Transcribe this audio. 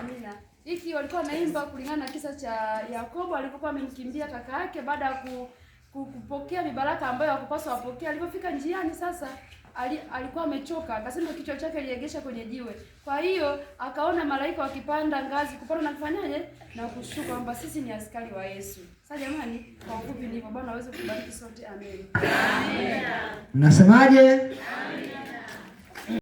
Amina. Hiki walikuwa wanaimba kulingana na kisa cha Yakobo alipokuwa amemkimbia kaka yake baada ya ku, ku, kupokea mibaraka ambayo hakupaswa apokee. Alipofika njiani sasa ali, alikuwa amechoka akasema kichwa chake aliegesha kwenye jiwe. Kwa hiyo akaona malaika wakipanda ngazi kupanda na kufanyaje na kushuka, kwamba sisi ni askari wa Yesu. Sasa jamani, kwa ufupi ndivyo Bwana aweze kubariki sote, amen. Amen. Nasemaje?